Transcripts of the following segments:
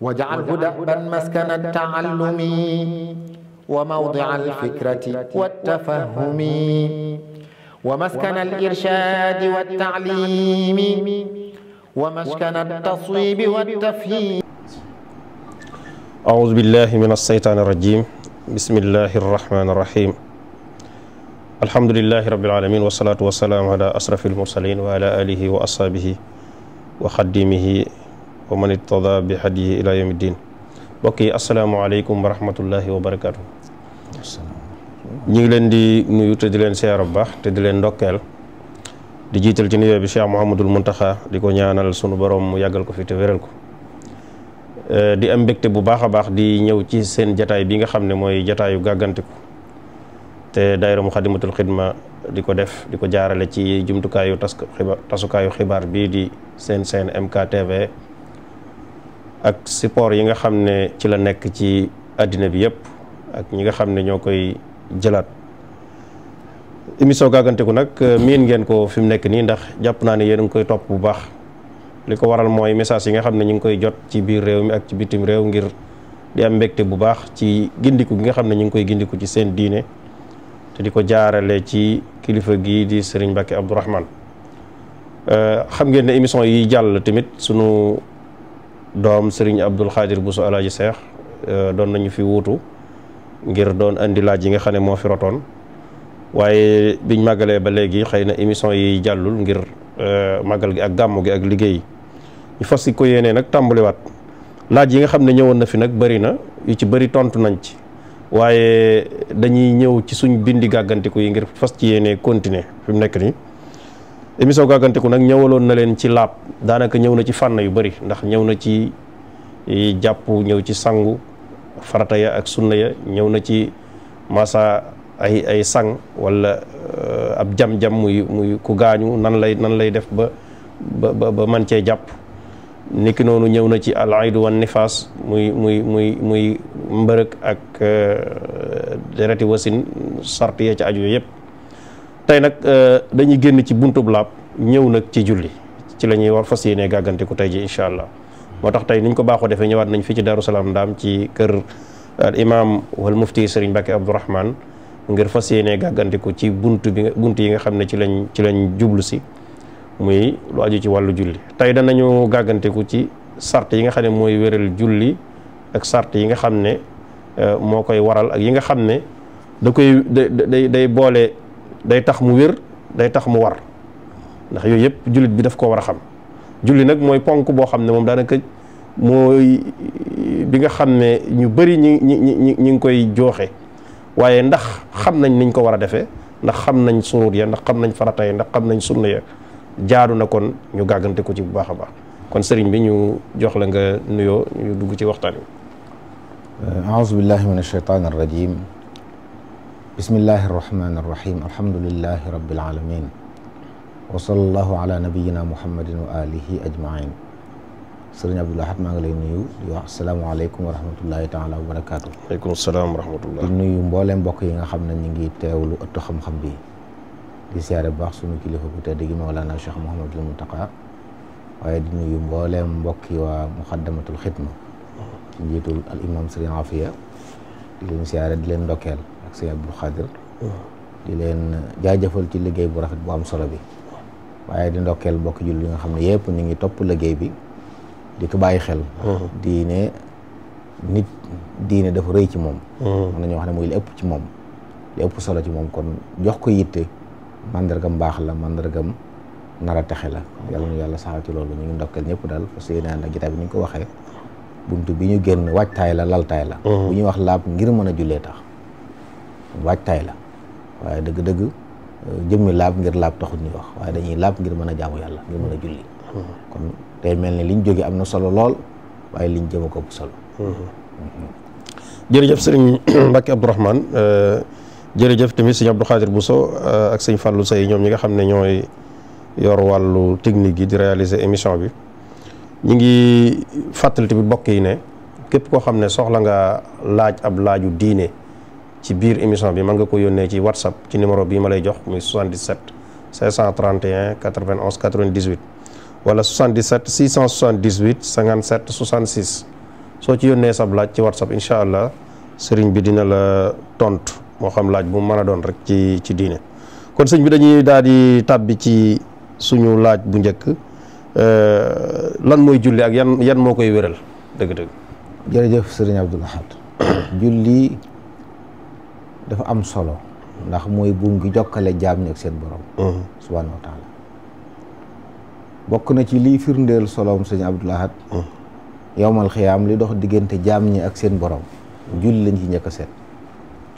واجعله دأبا مسكن التعلم وموضع الفكرة والتفهم ومسكن الإرشاد والتعليم ومسكن التصويب والتفهيم أعوذ بالله من الشيطان الرجيم بسم الله الرحمن الرحيم الحمد لله رب العالمين والصلاة والسلام على أشرف المرسلين وعلى آله وأصحابه وخدمه wa man ittada bi hadiyi ila yawmi din mbokk yi asalaamaaleykum wa rahmatullahi wa barakaatu. ñu ngi leen di nuyu te di leen siyaar bu baax te di leen ndokkeel di jiital ci nuyoo bi Cheikh Mouhamadul Muntaxa di ko ñaanal sunu boroom mu yàggal ko fi te wéral ko eh, di am mbegte bu baax a baax di ñëw ci seen jataay bi nga xam ne mooy jataayu gàggantiku te daayira Muxaddamatul Xidma di ko def di ko jaarale ci jumtukaayu tas tasukaayu xibaar bii di seen seen MKTV ak support yi nga xam ne ci la nekk ci àddina bi yëpp ak ñi nga xam ne ñoo koy jëlaat émission gàgganteku nag euh, miin ngeen ko fi mu nekk nii ndax jàpp naa ne yéen a ngi koy topp bu baax li ko waral mooy message yi nga xam ne ñu ngi koy jot ci biir réew mi ak ci bitim réew ngir di am mbégte bu baax ci gindiku gi nga xam ne ñu ngi koy gindiku ci seen diine te di ko jaarale ci kilifa gii di Serigne Mbacké Abdourahmane euh, xam ngeen ne émission yi jàll tamit sunu doom sëriñ Abdul Xaadir Bousso Alaaji Seex euh, doon nañu fi wuutu ngir doon indi laaj yi nga xam ne moo fi rotoon waaye biñ màggalee ba léegi xëy na émission yi jàllul ngir euh, màggal gi ak gàmmu gi ak liggéey ñu fas ko yéenee nag tàmbaliwaat laaj yi nga xam ne ñëwoon na fi nag bëri na yu ci bëri tontu nañ ci waaye dañuy ñëw ci suñ bindi gàggantiku yi ngir fas ci yéenee continuer fi mu nekk nii. émission gàgganteku nag ñëwaloon na leen ci laab daanaka ñëw na ci fànn yu bëri ndax ñëw na ci e, jàpp ñëw ci sangu farata ya ak sunna ya ñëw na ci massa ay ay sang walla e, ab jam-jam muy muy ku gaañu nan lay nan lay def ba ba man cee jàpp niki noonu ñëw na ci al aydu wan nifaas muy muy muy muy mbërëg ak e, dereti wasin sart ya ci aju yëpp tey nag euh, dañuy génn ci buntub laab ñëw nag ci julli ci la ñuy war fas yéenee gàggantiku tey ji incha allah moo tax tey niñ ko baaxoo defee ñëwaat nañ fii ci Darou Salaam Ndaam ci kër al imam wal mufti Serigne Mbacke Abdourahmane ngir fas yéenee gàggantiku ci bunt bi nga bunt yi nga xam ne ci lañ ci lañ jublu si muy lu aju ci wàllu julli tey danañu gàggantiku ci sart yi nga xam ne mooy wéral julli ak sart yi nga xam ne euh, moo koy waral ak yi nga xam ne da koy day day boole. day tax mu wér day tax mu war ndax yooyu yëpp jullit bi daf ko war a xam julli nag mooy ponk boo xam ne moom daanaka mooy bi nga xam ne ñu bëri ñi ñi ñi ngi koy jooxe waaye ndax xam nañ niñ ko war a defee ndax xam nañ suruur ya ndax xam nañ farata ya ndax xam nañ sunna ya jaadu na kon ñu gàggante ko ci bu baax a baax kon sëriñ bi ñu jox la nga nuyoo ñu dugg ci waxtaan wi. a'uuzu billahi mina shaytaani rajiim bismillahi irrahmani irrahim alhamdulilahi rabilalamin wa sallallahu ala nabiyina muhammadin wa alihi ajmain sëriñ Abdou Lahad maa ngi lay nuyu di wax asalaamualeykum wa rahmatullahi taala wa barakaatu aleykum salaam wa rahmatullah di nuyu mbooleem mbokk yi nga xam ne ñu ngi teewlu ëttu xam-xam bi di siyaare bu baax suñu kilifa bu tedd gi Mawlana Cheikh Mouhamadul Muntaqa waaye di nuyu mbooleem mbokki waa muxaddamatul xidma ci njiitul al imam sëriñ Afiya di leen siyaare di leen ndokkeel ak sëñ Abdou Khadir mm. di leen jaajëfal ci liggéey bu rafet bu am solo bi waaye di ndokkeel mbokk jullit yi nga xam ne yëpp ñu ngi topp liggéey bi di ko bàyyi xel mm. diine nit diine dafa rëy ci moom mm. na nañu wax ne muy ëpp ci moom li ëpp solo ci moom kon jox ko yitte mandargam baax la mandargam nar a texe la yàlla nu yàlla saxal ci loolu ñu ngi ndokkeel ñëpp daal parce que yéen la jotaay bi ni ñu ko waxee bunt bi ñu génn waajtaay la laltaay la mm-hmm. bu ñuy wax laab ngir mën a jullee tax waajtaay la waaye dëgg-dëgg euh, jëmmi laab ngir laab taxut ñuy wax waaye dañuy laab ngir mën a jaamu yàlla ngir mën a julli mm-hmm. kon tey mel ni liñ jóge am na solo lool waaye liñ jëm ko bu solo mm-hmm. jërëjëf sëriñ Mbacke Abdourahmane euh, jërëjëf tamit sëñ Abdou bu Bousso euh, ak sëñ Fallou Seye ñoom ñi nga xam ne ñooy yor wàllu technique yi di réaliser émission bi ñu ngi fàttali bi bokk yi ne képp koo xam ne soxla nga laaj ab laaju diine ci biir émission bi man nga ko yónnee ci whatsapp ci numéro bii ma lay jox muy 77 531 91 98 wala 77 678 57 66 soo ci yónnee sab laaj ci whatsapp incha allah sëriñ bi dina la tontu moo xam laaj bu mu a doon rek ci ci diine kon sëñ bi dañuy daal di tàbbi ci suñu laaj bu njëkk Euh, lan mooy julli ak yan yan moo koy wéral dëgg-dëgg. jërëjëf sëriñ Abdou Lahad julli dafa am solo ndax mooy buum gi jokkale jaam ñi ak seen borom. Uh-huh. subhaanahu wa bokk na ci liy firndeel soloom sëriñ Abdou Lahad uh-huh. yowmal xiyaam li dox diggante jaam ñi ak seen borom julli lañ ci njëkk seet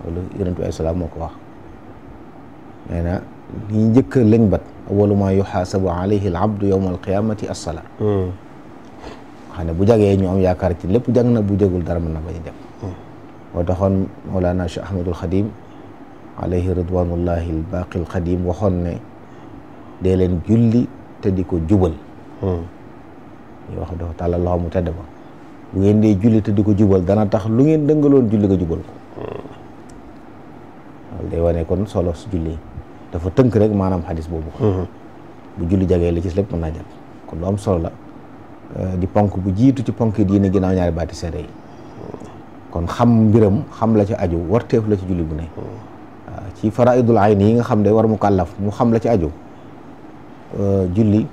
loolu moo ko wax nee yi njëkk a lëñbat awalu maa yuxaasabu alayhi alabdu yowma alqiyamati assala hmm. xam ne bu jagee ñu am yaakaar ci lépp jag na bu jagul dara mën na bañ a dem hmm. moo taxoon Mawlana Cheikh Ahmadul Xadim alayhi ridwanullahi albaqi alxadim waxoon ne dee leen julli te di ko jubal ñu hmm. wax dafa tàllal loxo mu tedd ba bu ngeen dee julli te di ko jubal dana tax lu ngeen dëngaloon julli nga jubal ko wane kon solo julli dafa tënk rek maanaam xadis boobu mhm. bu julli jagee la ci lépp mën naa jàpp kon lu am solo la euh, di ponk bu jiitu ci ponk yi diine ginnaaw ñaari baati seede yi kon xam mbiram xam la ci aju warteef la ci julli bu ne mhm. euh, ci faraidul ayni yi nga xam ne war kàllaf mu xam la ci aju euh, julli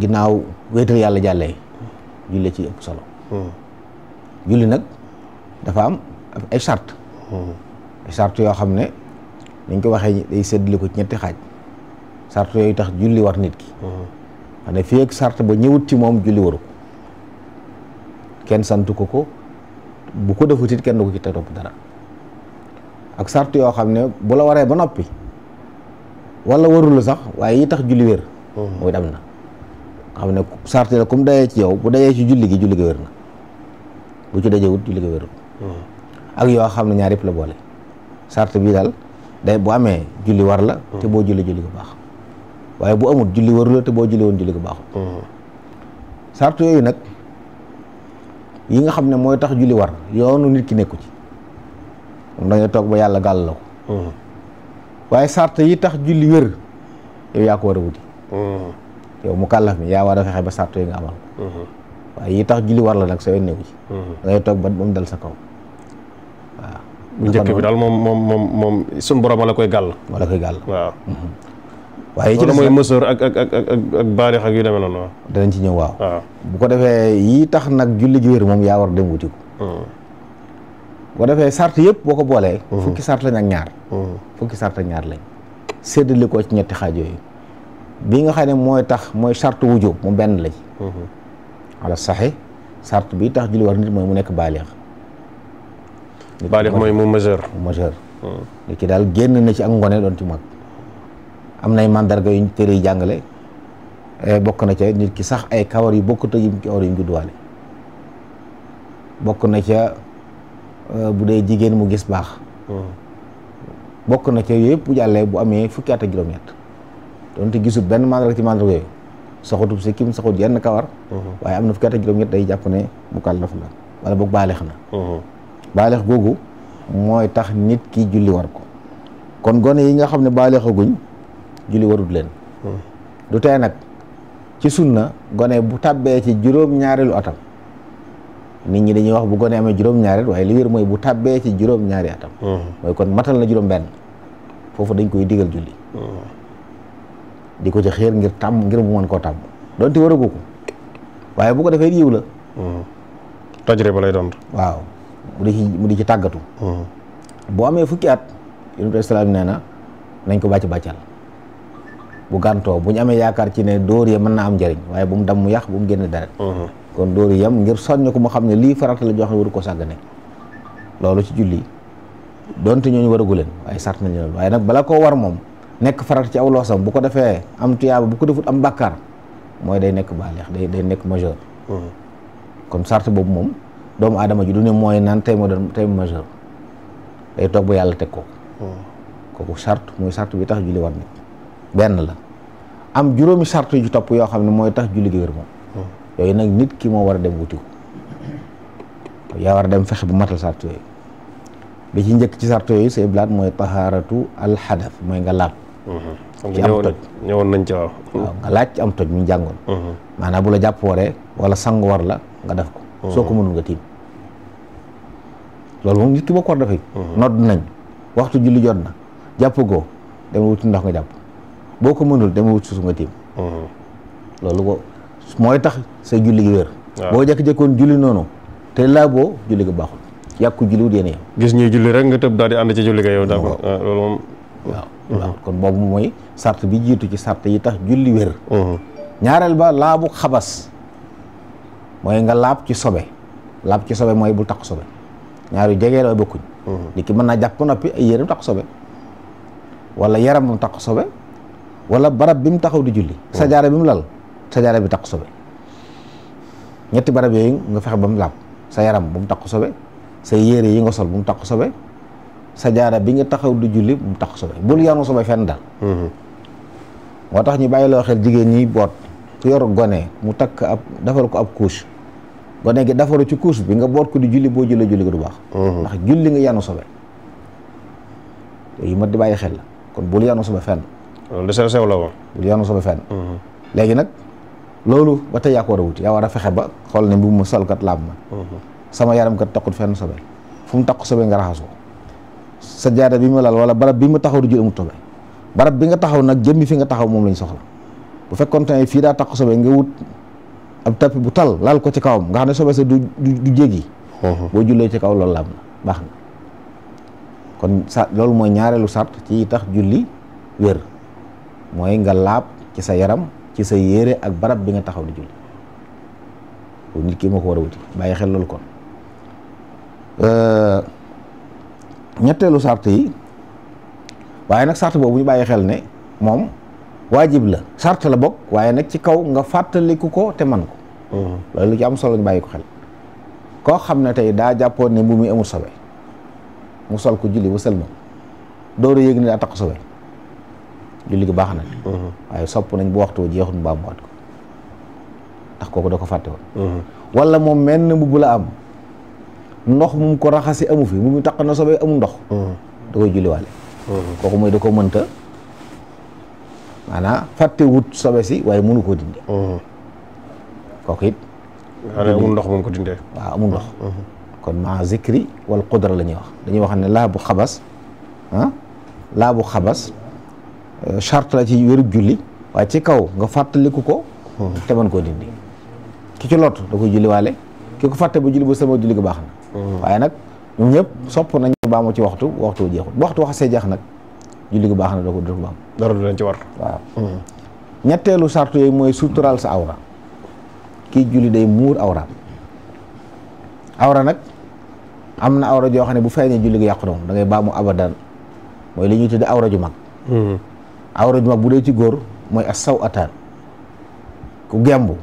ginnaaw wéetal yàlla jàllee julli ci ëpp solo mhm. julli nag dafa am ay charte ay charte yoo xam ne dañ ko waxee day séddale ko ci ñetti xaaj sart yooyu tax julli war nit ki mhm. xam ne fi ak sart ba ñëwut ci moom julli waru ko kenn santu ko ko bu ko defutit kenn du ko ci te topp dara ak sart yoo xam ne bu la waree ba noppi wala warul sax waaye yi tax julli wér mhm. mooy dem na xam ne sart la comme dayee ci yow bu dayee ci julli gi julli gi wér na bu ci dajewut julli gi wérul mhm. ak yoo xam ne ñaar yëpp la boole sart bii daal day bu amee julli war la te boo julli julli ko baax waaye bu amul julli waru la te boo julli woon julli ko baaxul sartu yooyu nag yi nga xam ne mooy tax julli war yoonu nit ki nekku ci moom da toog ba yàlla gàll la ko waaye sart yi tax julli wér yow yaa ko war a wuti yow mu kàllaf mi yaa war a fexe ba sart yi nga amal ko waaye yi tax julli war la nag sa yoon nekku ci mm-hmm. da toog ba moom dal sa kaw bu njëkk bi daal moom moom moom moom suñ borom la koy gàll. moo la koy gàll waaw. Mm-hmm. waaye ci des mooy mësoor ak ak ak ak baarix ak yu demee noonu danañ ci ñëw waaw. bu ko defee yi tax nag julli ji wér moom yaa war dem wuti ko. Mm-hmm. bu ko defee sart yëpp boo ko boolee. Mm-hmm. fukki sart lañ ak ñaar. fukki sart ak ñaar lañ. séddale ko ci ñetti xaaj yi bii nga xam ne mooy tax mooy sart wu jóob mu benn lañ. ala saxi sart bi tax julli war nit mooy mu nekk baarix. baa def mooy mu majeur majeur nit hmm. ki daal génn na ci ak ngone doon ci mag am nay màndarga yuñ tëree jàngale eh, bokk na ca nit ki sax ay kawar yu bokkut ak yim kawar yuñ gudduwaale na ca eh, bu dee jigéen mu gis baax hmm. bokk na ca yooyu yëpp bu jàllee bu amee fukki at ak juróom-ñett donte gisul benn mandarga ci mandarga yooyu saxutub si kim saxut yenn kawar hmm. waaye am na fukki at ak juróom-ñett day jàpp ne mukallaf la wala boog baaleex na baaleex googu mooy tax nit ki julli war ko kon gone yi nga xam ne baaleexaguñ julli warut leen hmm. du tee nag ci sunna gone bu tàbbee ci juróom-ñaareelu atam nit ñi dañuy wax bu gone amee juróom-ñaareel waaye li wér mooy bu tàbbee ci juróom-ñaari atam hmm. mooy kon matal na juróom benn foofu dañ koy digal julli hmm. di ko ci xéer ngir tàmm ngir mu mën koo tàmm donte waragu ko waaye bu ko defee yiw la tojre ba lay doon waaw mu di ci mu di ci tàggatu. Mm-hmm. boo amee fukki at yonent bi salaam nee na nañ ko bàcc bàccal bu gàntoo bu ñu amee yaakaar ci ne dóor yi mën na am njëriñ waaye bu mu dam mu yàq bu mu génne dara. Mm-hmm. kon dóor yi yam ngir soññ ko mu xam ne lii farata la jox ne waru ko sàggane loolu ci julli donte ñooñu waragu leen waaye sart nañ loolu waaye nag bala koo war moom nekk farata ci aw loosam bu ko defee am tuyaaba bu ko defut am bàkkaar mooy day nekk baaleex day nekk majeur. Mm-hmm. kon sart boobu moom doomu aadama ji du ne mooy naan tey moo doon tey mu majeur yàlla teg ko hmm. kooku charte mooy charte bi tax julli war la am juróomi charte yu topp yoo xam ne mooy tax julli gi hmm. yooyu nag nit ki moo war a dem wuti ko yaa war a dem fexe bu matal charte yooyu bi ci njëkk ci charte yooyu say blaat mooy tahaaratu alxadaf mooy nga laab hmm. ci am toj ñëwoon nañ ci waaw nga laaj ci am toj mu jàngoon maanaam bu la jàpp waree wala sangu war la nga def ko soo ko mënul nga tiim loolu moom nit ki boo war dafay nodd nañ waxtu julli jot na jàpp goo dama wuti ndox nga jàpp boo ko mënul dama wuti suuf nga tiim loolu ko mooy tax sa julli boo jekk-jekkoon julli noonu te laa boo julli gi baaxul yàqu julliwut gis ñuy julli rek nga tëb daal di ànd ci julli ga yow d'accord mooy sart bi jiitu ci sart yi tax julli wér ñaareel ba laabu xabas mooy nga laab ci sobe laab ci sobe mooy bul takk sobe ñaar yu jege la bokkuñ. Mhm. nit ki mën naa jàpp ba noppi ay yére takk sobe. wala yaram mu takk sobe wala barab bi mu taxaw di julli. Mhm. sajaara bi mu lal sajaara bi takk sobe. ñetti barab yooyu nga fexe ba mu laab sa yaram bu mu takk sobe sa yére yi nga sol bu mu takk sobe sa jaara bi nga taxaw du julli bu mu takk sobe bul yanu sobe fenn dal mhm. moo tax ñu bàyyi loo xel jigéen ñi boot ku yor gone mu takk ab defal ko ab couche gone gi dafaru ci couche bi nga boot ko di julli boo jullee julli ko du baax mhm. ndax julli nga yanu sobe yi ma di bàyyi xel la kon bul yanu sobe fenn lu sew sew la woon bul fenn mhm. léegi nag loolu ba tey yaa ko war a wuti yaa war a fexe ba xool ne mbubb ma solkat laab ma mhm. sama yaram kat takkut fenn sobe fu mu takku sobe nga raxasu sa jaada bi ma lal wala barab bi mu taxaw di jul amut sobe barab bi nga taxaw nag jëmmi fi nga taxaw moom lañ soxla bu fekkoon ne fii daa takku ab tappi bu tal laal ko ci kawam nga xam ne sobe sa du du jéggi uh-huh. boo jullee ci kaw loolu laab na baax na kon sa loolu mooy ñaareelu sart ci tax julli wér mooy ci sa yaram ci sa yére ak barab bi nga taxaw di julli boobu nit ki moo ko war a wuti bàyyi xel loolu kon euh, ñetteelu sart yi waaye nag sart boobu ñu bàyyi xel ne moom waajib la charte la bokk waaye nag ci kaw nga fàttaliku ko te man ko mm-hmm. loolu ci am solo ñu bàyyi ko xel koo xam ne tey daa jàppoon ne mbu muy amul sobe mu sol ko julli ba sëlma door a yëg ne julli gi baax na mm-hmm. waaye sopp nañ bu waxtu jeexul mu baamuwaat kooku da ko fàtte mm-hmm. moom menn mbubb la am ndox mu ko raxasi amu fi mu mu taq na sobe amu ndox da koy julliwaale kooku mooy da ko mënta maanaam fàtte wut sobe si waaye mënu koo dindi mhm. kooku it xanaa amul ndox moom ko dindee waaw amul ndox mhm. kon ma zikri wal qudra la ñuy wax dañuy wax ne laa bu xabas ah laa bu xabas euh, charte la ci wérub julli waaye ci kaw nga fàttaliku ko mhm. te mën koo dindi ki ci lott da koy julli waale ki ko fàtte ba julli ba sama julli ko baax na waaye nag ñoom ñëpp sopp nañ baa ma ci waxtu waxtu jeexul bu waxtu waxasee jeex nag julli gu baax na doo ko def lu am. dara du leen ci war. waaw hmm. ñetteelu sart yooyu mooy suturaal sa awra kii julli day awra awra nag am na awra joo xam ne bu feeñee julli gi yàqu da ngay baamu abadan mooy li ñuy tuddee awra ju mag. Hmm. awra ju bu dee ci góor mooy as saw ataan ku gembu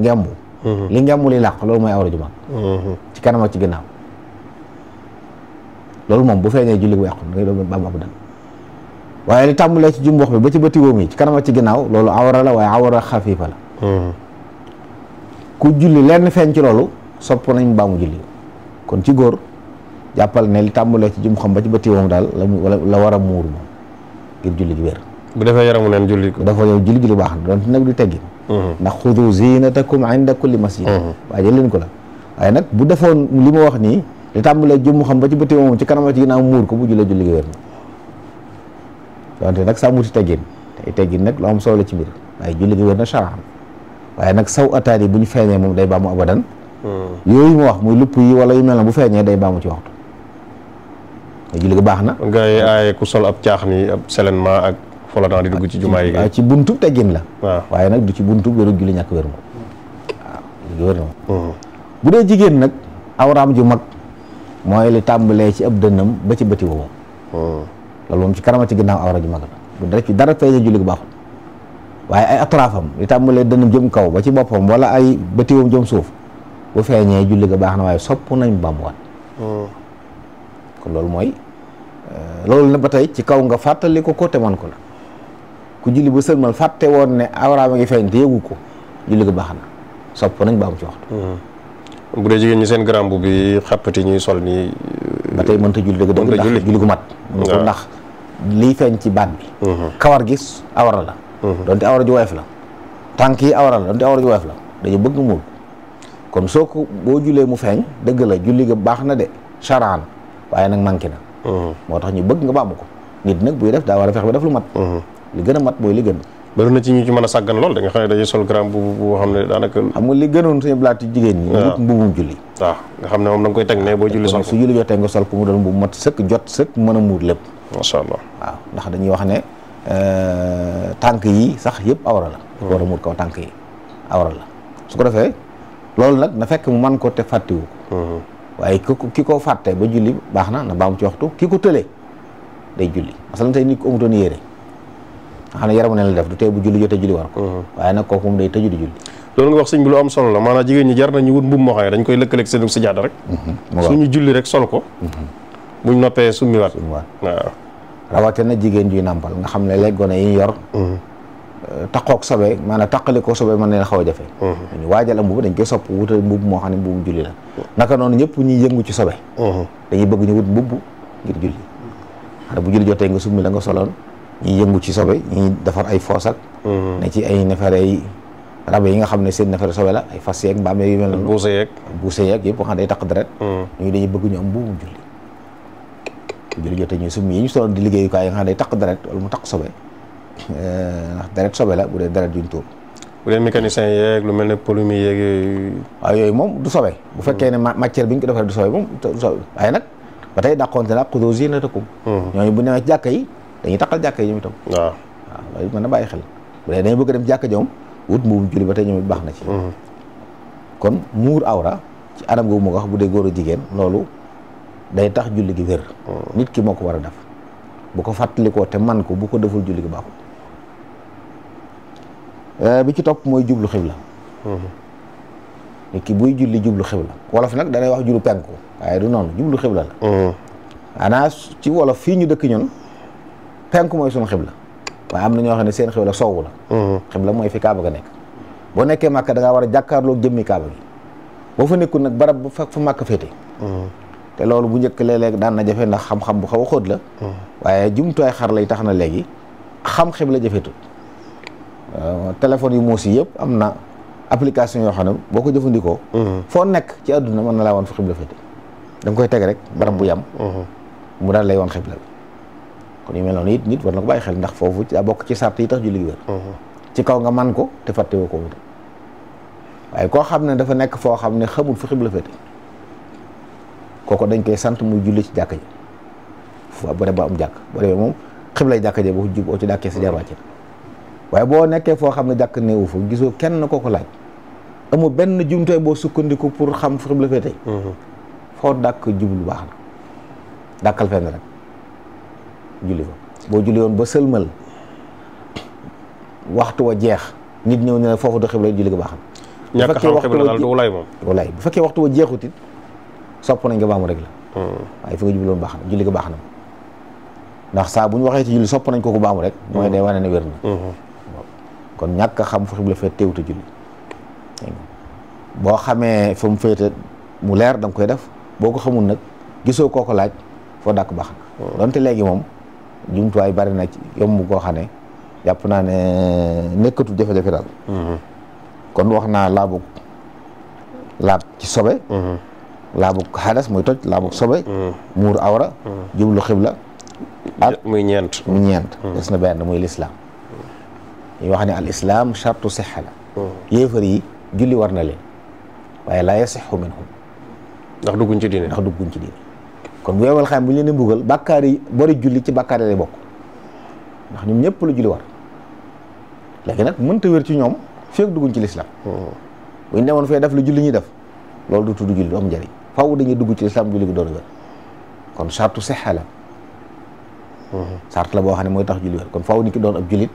gembu. Hmm. li ngembu li làq loolu mooy awra ju mag. ci ginnaaw loolu moom bu feeñee julli gi yàqu na da ngay doon abadan. waaye li tàmbulee ci jumbox bi ba ci bëti wóom yi ci kanam ci ginnaaw loolu awra la waaye awra xafiifa la hmm. ku julli lenn feeñ ci loolu sopp nañ baamu julli kon ci góor jàppal ne li tàmbulee ci jum xam ba ci bëti wóom daal la war a muur julli ji wér bu defee yaramu neen julli ko dafa yow julli julli baax na doon nag du teggin hmm. ndax xudu zinatakum inda kulli masjid hmm. waaye jël leen ko la waaye nag bu defoon li ma wax nii li tàmbulee jum xam ba ci bëti wóom ci kanam ci ginnaaw muur ko bu jullee julli gi wér na donte nag sàmmuti teggin te teggin nag lu am la ci mbir waaye gi wér waaye nag saw ataar yi bu ñu feeñee moom day baamu abadan hmm. yooyu mu wax muy lupp wala yu mel bu feeñee day baamu ci waxtu te julli baax na ku sol ab caax ni ab selenment ak folotan di dugg ci jumaa yi ci buntub teggin la waaye nag du ci buntub wéru julli ñàkk wér moom hmm. bu dee jigéen nag awraam ju mag mooy li tàmbalee ci ab dënnam ba ci bëti woowu hmm. loolu ci kanama ci ginnaaw awra ju mag la bu dara ci dara feeñee julli gu baaxul waaye ay atraafam li tàmbalee dënam jëm kaw ba ci boppam wala ay bëtiwam jëm suuf bu feeñee julli ga baax na waaye sopp nañ bamwaat hmm. kon loolu mooy euh, loolu ne ba tey ci kaw nga fàttali ko ko te man ko la ku julli bu sëlmal fàtte woon ne awraam a ngi feeñ te yëgu ko julli ga baax na sopp nañ ba am ci waxtu hmm. bu dee jigéen ñi seen garam bu bi xappati ñuy sol nii ba tey mënta julli dëgg dëgg ndax julli gu mat ñu ko ndax lii feeñ ci baat bi mhm. kawar gi awra la mhm. donte awra ju woyof la tànk yi awra la donte ju woyof la dañu bëgg muul kon soo ko boo julee mu feeñ dëgg la julli ga baax na de charaan waaye nag manqué na mhm. moo tax ñu bëgg nga baamu ko nit nag buy def daa war a fex ba def lu mat li gën a mat mooy li bari na ci ñu ci mën a sàggan lool da nga xam ne dañuy sol grand mbubu boo xam ne daanaka xam nga li gënoon suñu blaatu jigéen ñi wut mbubum julli waaw nga xam ne moom da nga koy teg boo julli sol su julli jotee nga sol ko mu doon mbubu mat sëkk jot sëkk a ndax dañuy wax ne euh, tànk yi sax yëpp awra la hmm. ko tànk yi awra su ko defee loolu nag na fekk mu man ko te fàttewu ko hmm. waaye ki ko fàtte ba julli baax na na mu ci waxtu ki ko tëlee day julli parce que tey nit ko amutoon yére xam ne yaramu ne la def du tey bu julli jotee julli war ko mhm. waaye nag kooku moom day tëju di julli loolu nga wax sëñ bi lu am solo la maanaam jigéen ñi jar nañu wut mbubb moo xam ne dañ koy lëkkaleeg seen sijaada rek mhm, suñu julli rek sol ko mhm. buñ noppee summi waat waaw rawatina jigéen juy nàmpal nga xam ne léeg gone yi ñu yor euh, taqoog sobe maanaam taqali ko sobe mën na xaw a jafe ñu waajal am mbubb dañ koy sopp wutal mbubb moo xam ne mbubb julli la naka noonu ñëpp ñuy yëngu ci sobe dañuy bëgg ñu wut mbubb ngir julli xanaa bu julli jotee nga summi la nga soloon ñi yëngu ci sobe ñi defar ay foos ak mhm. ay neefere yi rab yi nga xam ne seen neefere sobe la ay fas yeeg mbaam yeeg yu mel noonu buuse yeeg buuse yeeg yëpp nga xam ne taq deret mhm. dañuy bëgg ñu am buumu julli julli jotee ñuy summi yi di liggéeyukaay yi nga xam ne day taq deret wala mu taq sobe eh, ndax deret sobe la bu dee deret yuñ tuur bu dee mécanicien yeeg lu mel ne polumi yeeg yooyu yooyu moom du sobe bu mhm. fekkee ne matière bi ñu ko defaree du sobe moom du sobe waaye nag ba tey dàqoonte nag xudoo zinatakum ñooñu bu ñu demee yi dañuy taqal jàkka yi ñoom itam waaw waaw loolu mën a bàyyi xel bu dee dañu bëgg dem jàkka jawm wut mbuum julli ba tey ñoom it baax na ci mm-hmm. kon muur awra ci anam googu mu wax bu dee góor jigéen loolu day tax julli gi mm-hmm. nit ki moo ko war a def bu ko fàttalikoo te man ko bu ko deful julli gi baaxul euh, bi ci topp mooy jublu xibla mm-hmm. nit ki buy julli jublu xibla wolof nag danay wax jublu penku waaye du noonu la fii ñu dëkk ñun penku mooy sunu xibla waaye am na ñoo xam ne seen xibla sowwu la mhm. xibla mooy fi kaaba ga nekk boo nekkee màkka da ngaa war a jàkkaarloo jëmmi kaaba gi boo fa nekkul nag barab bu fa fa màkk féete mhm. te loolu bu njëkk léeg-léeg daan na jafe ndax xam-xam bu xaw a xóot la mhm. waaye jumtuwaay xar lay tax na léegi xam xibla jafetul téléphone yu muus yi yëpp am na application yoo xam ne boo ko jëfandikoo foo nekk ci àdduna mën na laa woon fa xibla féete da koy teg rek barab bu yam kon yu mel noonu it nit war na ko bàyyi xel ndax foofu daa bokk ci sart yi tax julli gi wér mhm. ci kaw nga man ko te fàttewoo ko waaye koo xam ne dafa nekk foo xam ne xamul fu xibla féete kooku dañ koy sant muy julli ci jàkk ji bu ba jàkk bu demee moom xiblay jàkk ji juboo ci dàkkee si jarwàcce waaye boo nekkee foo xam ne jàkk newu fa gisoo kenn kooku laaj amul benn jumtuwaay boo sukkandiku pour xam fu xibla féete mhm. foo dàkk jublu baax na dàkkal fenn rek julli fa boo julli woon ba sëlmal waxtu wa jeex nit ñëw ne la foofu du xibla julli ga baaxal ñàkk xam xibla daal du wulaay moom bu fekkee waxtu wa jeexutit sopp nañ nga baamu rek la hmm. waaye fi nga julli woon baax na julli ga bu ñu waxee ci julli sopp nañ ko mooy hmm. day wane ne wér na hmm. kon ñàkk xam fu xibla fee teewut a julli boo xamee fa mu féete mu leer da koy def boo ko xamul nag gisoo kooko laaj foo dàkk baax na donte léegi moom jumtuwaay bari na yomb koo xam ne jàpp naa ne nekkatul jafe-jafe mhm. kon wax naa laabug laab ci sobe. Mhm. laabug xadas muy toj laabug sobe. Mhm. muur awra. jublu xibla. ak muy ñeent muy ñeent. des na benn muy lislaam. ñu wax ne al islam chartu la. yéefar yi julli war na leen waaye laa yasixu minhum ndax dugguñ ci diine dugguñ ci diine. kon bu yowal xam bu ñu leen di mbugal bàkkaar yi bari julli ci bàkkaar yi lay bokk ndax ñoom ñëpp la julli war léegi nag mënta wér ci ñoom feek dugguñ ci lislaam hmm. bu ñu demoon fee def lu julli ñuy def loolu du tudd julli du am njëriñ dañuy dugg ci lislaam julli gi doon wér kon sartu sexa la hmm. sart la boo xam ne mooy tax julli kon faaw nit ki doon ab jullit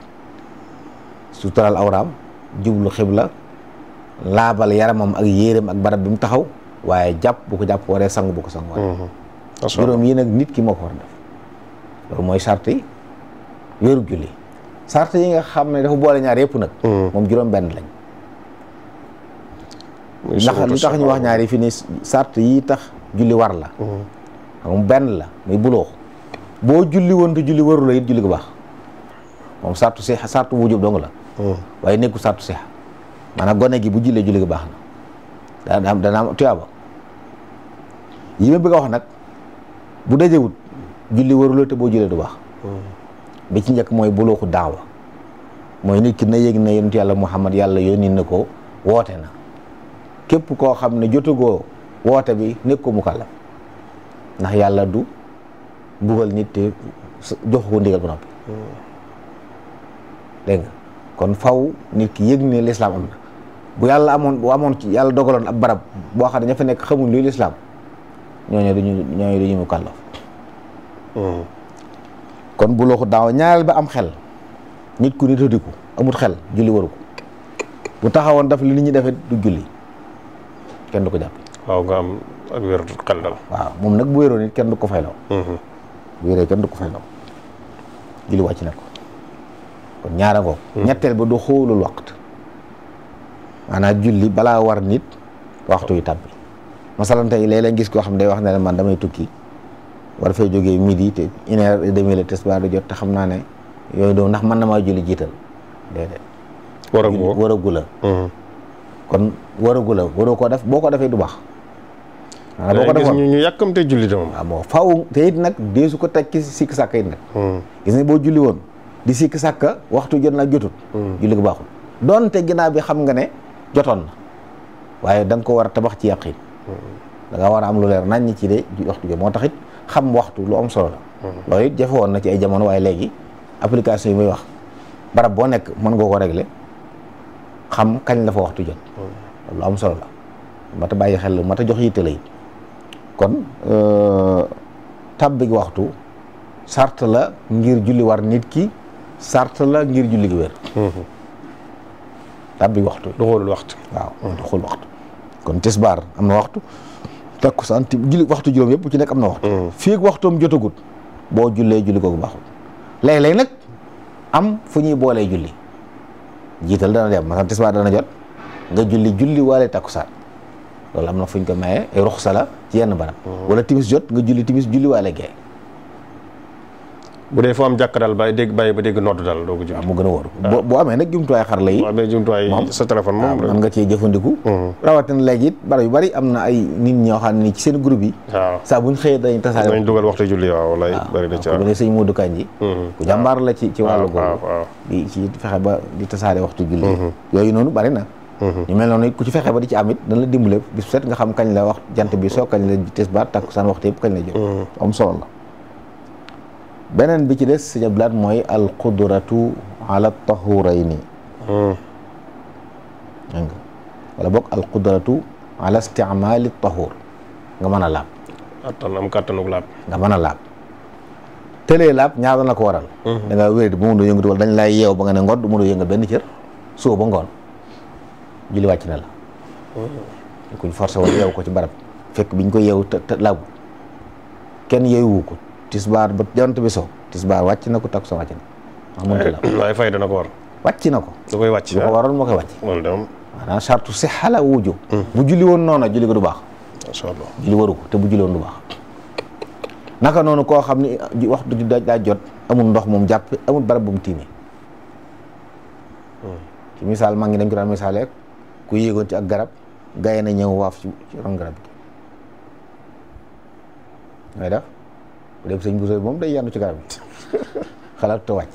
sutural awraam jublu la laabal yaramam ak yéeram ak barab bi mu taxaw waaye jàpp bu ko jàpp waree sangu bu ko sangu waree hmm. juróom yi nag nit ki moo ko war def loolu mooy sart yi julli sart yi nga xam ne dafa boole ñaar yëpp nag hmm. moom juróom benn lañ ndax lu tax ñu wax ñaari yi fi ni sart yi tax julli war la moom benn la muy buloo boo julli woon julli waru la it julli gu baax moom sartu seex sartu wujub dong la hmm. waaye nekku sartu seex maanaam gone gi bu jullee julli gu baax na dana tuyaaba yi ma bëgg a wax nag bu dajewut julli waruloo te boo jullee du baax hmm. bi ci njëkk mooy bulooxu daawa mooy nit ki na yëg na yonent yàlla Muhammad yàlla yónni na ko woote na képp koo xam ne jotugoo woote bi nekk ko mu kàllaf ndax yàlla du mbugal nit te jox ko ndigal ba noppi hmm. kon faw nit ki yëg ne lislaam am na bu yàlla amoon bu amoon yàlla dogaloon ab barab boo xam ne ña fa nekk xamuñ luy lislaam ñooñu duñu ñooñu duñu mu kàllaf hmm. kon bu loxu ba am xel nit ku nit diku amut xel julli waru bu taxawoon daf li nit ñi defee du julli kenn du ko jàpp waaw nga am ak wér dal waaw moom nag bu wéroo nit kenn du ko fay law hmm. bu wéree kenn du ko fay law julli wàcc na kon ñaara ngoog hmm. ñetteel ba du xoolul waqt maanaam julli balaa war nit waxtu yi masalan tey léeg-léeg gis koo xam day wax ne man damay tukki war fay jógee midi te une heure et demie la di jot te xam naa ne yooyu doo ndax man na maa julli jiital déedéet waragoo waragu la mm-hmm. kon waragu la waroo koo def boo ko defee du baax maanaam boo ko defoon ñu yàkkamte julli de moom. waaw ah, bon faaw te nag deesu ko teg ci sikk sàkk it nag. Mm-hmm. gis nga boo julli woon di sikk sàkk waxtu jot na jotut. Mm-hmm. julli ko baaxul doonte ginnaaw bi xam nga ne jotoon na waaye danga ko war a tabax ci yàqin. da nga war a am lu leer nañ ñi ci de waxtu bi moo tax it xam waxtu lu am solo la mm-hmm. loolu it woon na ci ay jamono waaye léegi application yi muy wax barab boo nekk mën nga ko régler xam kañ la fa waxtu jot mm-hmm. lu am solo la mata bàyyi xel la mata jox yitte la it kon euh, tàbbi waxtu sart la ngir julli war nit ki sart la ngir julli gi wér mm-hmm. tàbbi waxtu duxulul waxtu waaw waxtu kon tisbaar am na waxtu takkusaan julli waxtu juróom yëpp ci nekk na waxtu mm. fii waxtoom jotagut boo jullee julli googu baaxul léeg-léeg nag am fu ñuy boolee julli jiital dana dem maanaam tisbaar dana jot nga julli julli waale takkusaan loolu am na fuñ ko mayee ruxsa la ci yenn barab mm. wala timis jot nga julli timis julli waale gee bu dee foo am jàkka daal bàyyi ba dégg nodd daal doo ko jëm gën a wóor ah. bu amee nag jumtuwaay xarala yi amee jumtuwaay sa téléphone moom ah, man nga cee jëfandiku hmm. rawatina léegi it barab yu bari am na ay nit ñoo xam ne ci seen groupe yi waaw saa xëyee dañ tasaare dañ dugal waxtu julli waaw walaay ah, bari na ci waaw ne hmm. la ci ci wàllu googu fexe ba di tasaare waxtu julli hmm. yooyu noonu bari na ñu mel noonu ku ci fexe ba di ci amit it dana la dimbale bis set nga xam kañ la wax jant bi soo kañ la tisbaar takkusaan waxtu yëpp kañ la jot am solo la beneen bi ci des sëñ Abdou Lahad mooy alqudratu ala tahurayni hmm. wala boog alqudratu ala istimaali tahur nga mën a laab attan am kàttanug laab nga mën a laab tëlee laab ñaar na ko waral hmm. da nga wér bu mënoo yëngatu wala dañ lay yeew ba nga ne ngod mënoo yënga benn cër soo ba ngoon julli wàcc na la hmm. kuñ ko ci barab fekk biñ ko yeew te laabu yeewu ko tisbaar ba jant bi so tisbaar wàcc na ko takkusaan wàcc na wax mënti la ko war wàcc na ko da koy wàcc du ko ah. waroon moo koy wàcc maanaam sartu si xala wujo hmm. bu julli woon noona julli ko du baax masha Allah julli waru ko te bu julli woon du baax naka noonu koo xam ni waxtu ju daa jot amul ndox moom jàpp amul barab bu mu tiimee hmm. ci misaal maa ngi dañ ko daan misaal ku yéegoon ci ak garab gaye na ñëw waaf ci ron garab gi bu dee sëñ bu sooy moom day yandu ci garab bi xalaat te wàcc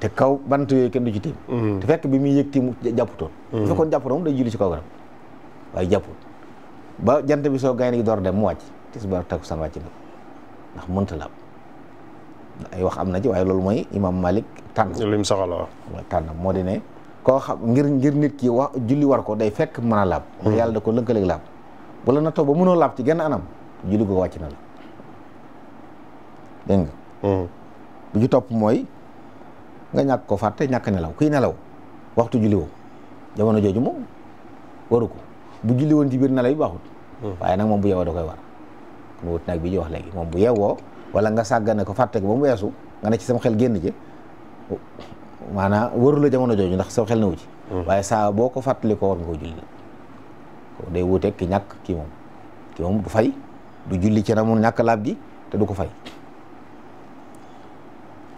te kaw bant yooyu kenn du ci tiim mm-hmm. te fekk bi muy yëg tiim jàpputoon bu mm-hmm. fekkoon jàpputoon day julli ci kaw garab waaye jàpput ba jant bi soo gaynde gi door dem mu wàcc tisbaar takkusaan wàcc wax am na ci waaye loolu mooy imaam Malik tànn lim soxla waaw tànn moo di ne koo xam ngir ngir nit ki wax julli war ko day fekk mën a laab mm-hmm. yàlla da ko lëkkaleeg laab wala na ba mënoo laab ci genn anam julli ko wàcc na la dégg nga. Hmm. bi ci topp mooy nga ñàkk ko fàtte ñàkk nelaw kuy nelaw waxtu julliwoo jamono jooju moom waru ko bu julli woon ci biir nelaw yi baaxut. Hmm. waaye nag moom bu yeewoo da koy war. kon wut wax léegi moom bu yeewoo wala nga sàggane ko fàtte ko ba mu weesu nga ne ci sama xel génn ci maanaam waru jamono jooju ndax sama xel na wu ci. Hmm. waaye saa boo ko fàttali ko war nga ko julli. ko day wuuteeg ki ñàkk kii moom kii moom du fay du julli ci na mu ñàkk laab gi te du ko fay.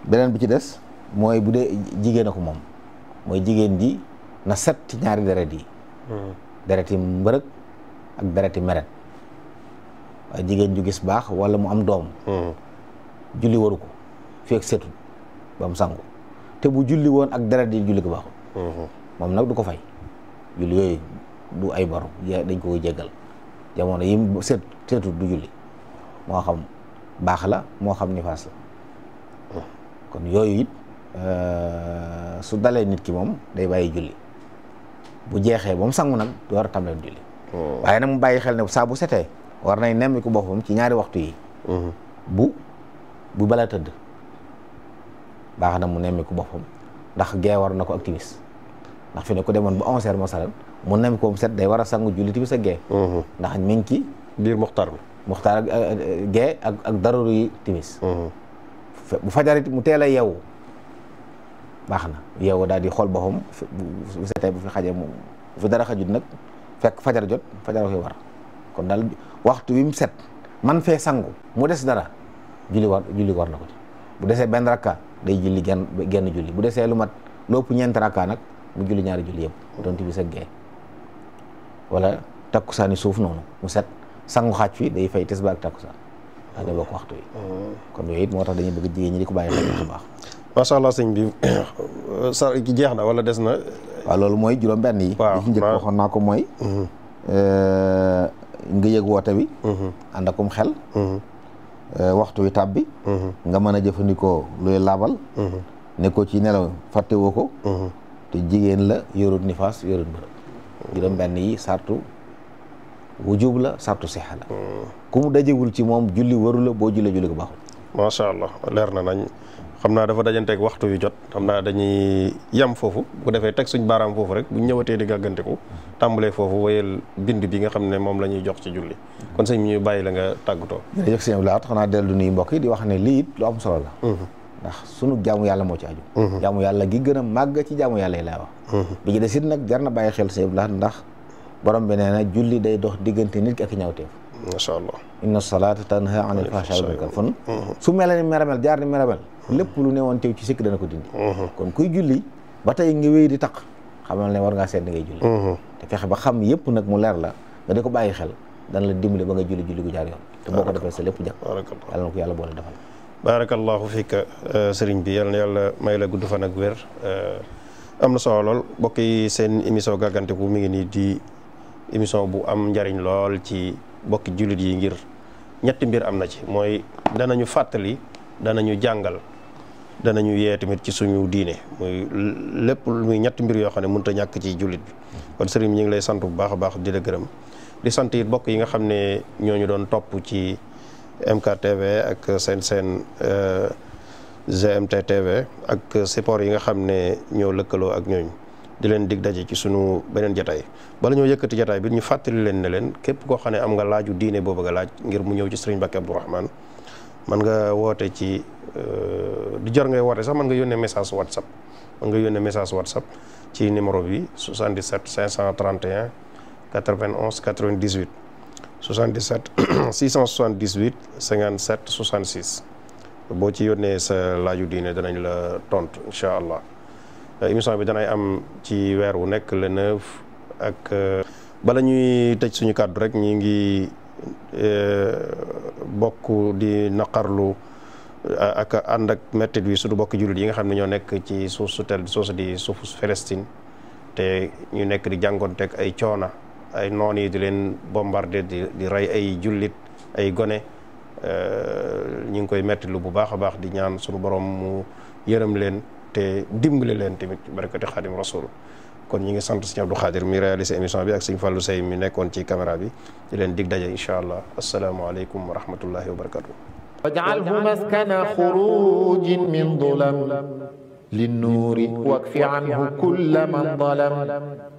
beneen bi ci des mooy bu dee jigéen ko moom mooy jigéen ji na set ci ñaari deret hmm. dereti mbërëg ak dereti meret waaye jigéen ju gis baax wala mu am doom hmm. julli waru ko feek setut ba sangu te bu julli woon ak deret yi julli ko baaxul hmm. moom nag du ko fay julli yooyu du ay bor dañ ko jéggal jamono yi du julli moo xam baax la moo xam nifaas la kon yooyu it euh, su dalee nit ki moom day bàyyi julli bu jeexee ba mu sangu nag door a tàmbalee julli. Oh. waaye nag mu bàyyi xel ne saa bu setee war nay nemmi ko boppam ci ñaari waxtu yi. Mm-hmm. bu bu bala tëdd baax na mu nemmi ko boppam ndax gee war na ko ak activiste ndax fi ne ku demoon ba 11h masalan mu nemmi ko mu set day war a sangu julli timis ak gee. Mm-hmm. ndax mi ngi ci. biir muxtaar bi muxtaar ak euh, gee ak ak yi timis. Mm-hmm. bu fajarit mu teel a yeewu baax na yeewu daal di xool boppam bu setee bu fi xajee mu bu fi dara xajut nag fekk fajar jot fajar koy war kon daal waxtu wi mu set man fee sangu mu des dara julli war julli war na ko ci bu desee benn rakka day julli genn genn julli bu desee lu mat lopp ñeenti rakka nag mu julli ñaari julli yëpp bu doon timis ak gee wala takkusaani suuf noonu mu set sangu xaaj fi day fay tisbaar ak takkusaan da bokk waxtu mm-hmm. kon moo tax dañuy bëgg jigéen ñi ko bàyyi xel bu baax macha allah sëñ jeex na wala des na loolu mooy juróom yi li ci njëkk waxoon mm-hmm. eh, woote bi mm-hmm. ànd akum xel eh, waxtu wi tàbbi nga mën a jëfandikoo luy laabal ne ci nelaw fàttewoo ko te jigéen la yorut nifaas yorut bërëb juróom benn yi sartu wujub la sartu sixa la ku mu dajewul ci moom julli waru la boo jullee julli ko baaxul macha allah leer na nañ xam naa dafa dajanteeg waxtu yu jot xam naa dañuy yam foofu bu defee teg suñ baaraam foofu rek bu ñëwatee di gàgganteku tàmbalee foofu wéyal bind bi nga xam ne moom la ñuy jox ci julli kon sëñ bi ñu bàyyi la nga tàggatoo jërëjëf sëñ xanaa dellu nuyu mbokk yi di wax ne lii it lu am solo la mhm. ndax yàlla moo ci aju mhm. jaamu yàlla gi gën a ci jaamu yàlla yi laa wax mhm. bi ci des it nag jar na bàyyi xel sëñ Abdoulaye ndax borom bi nee na julli day dox diggante nit ki ak ñawteef macha allah inna salaata tanha su mhm. mel ni jaar ni meramel mhm. lépp lu ne woon teew ci sikk dana ko dindi mhm. kon kuy julli ba tey nga wéy di ne war ngaa seet ni ngay julli te fexe ba xam yëpp nag mu leer la nga di ko bàyyi xel dana la dimbali ba nga julli julli gu jaar yoon te boo ko defee sa lépp jag yàlla na ko yàlla boole defal barakallahu fiika eh, sëriñ bi yal na yàlla may la gudd fan ak wér eh, am na solo lool mbokk yi seen émission gàggantiku mi ngi nii di émission bu am njariñ lool ci bokki jullit yi ngir ñetti mbir am na ci mooy danañu fàttali danañu jàngal danañu yee tamit ci suñu diine muy lépp muy ñetti mbir yoo xam ne mënut a ñàkk ci jullit bi kon sëriñ bi ñu ngi lay sant bu baax a baax di la gërëm di sant it bokk yi nga xam ne ñoo ñu doon topp ci MKTV ak seen seen euh, GMT TV ak support yi nga xam ne ñoo lëkkaloo ak ñooñu di leen dig daje ci suñu beneen jataay bala ñoo yëkkati jataay bi ñu fàttali leen na leen képp koo xam ne am nga laaju diine boo bëgg laaj ngir mu ñëw ci sëriñ Mbàkke Abdourahman man nga woote ci euh, di jar ngay woote sax man nga yónnee message whatsapp man nga yónnee message whatsapp ci numéro bi 77 531 91 98 77 678 57 66 boo ci yónnee sa laaju diine danañ la tontu incha allah émission bi danay am ci weer wu nekk la 9 ak. Euh, bala ñuy tëj suñu kàddu rek ñi ngi euh, bokk di naqarlu euh, ak ànd ak mettit wi suñu bokk jullit yi nga xam ne ñoo nekk ci suuf su tel suuf di suufu Palestine te ñu nekk di jàngoonteeg ay coona ay noon yi di leen bombardé di di rey ay jullit ay gone ñu ngi koy mettitlu bu baax a baax di ñaan suñu borom mu yërëm leen te dimbali leen tamit barkati xaadim rasul kon ñi ngi sant sëñ Abdou Khadir mi réalisé émission bi ak sëñ Fallou Sey mi nekkoon ci caméra bi di leen dig daje incha allah asalaamaaleykum wa rahmatullahi wa barakatuh waj'alhu maskana xurujin min dulam linnuuri wakfi anhu kulla man dalam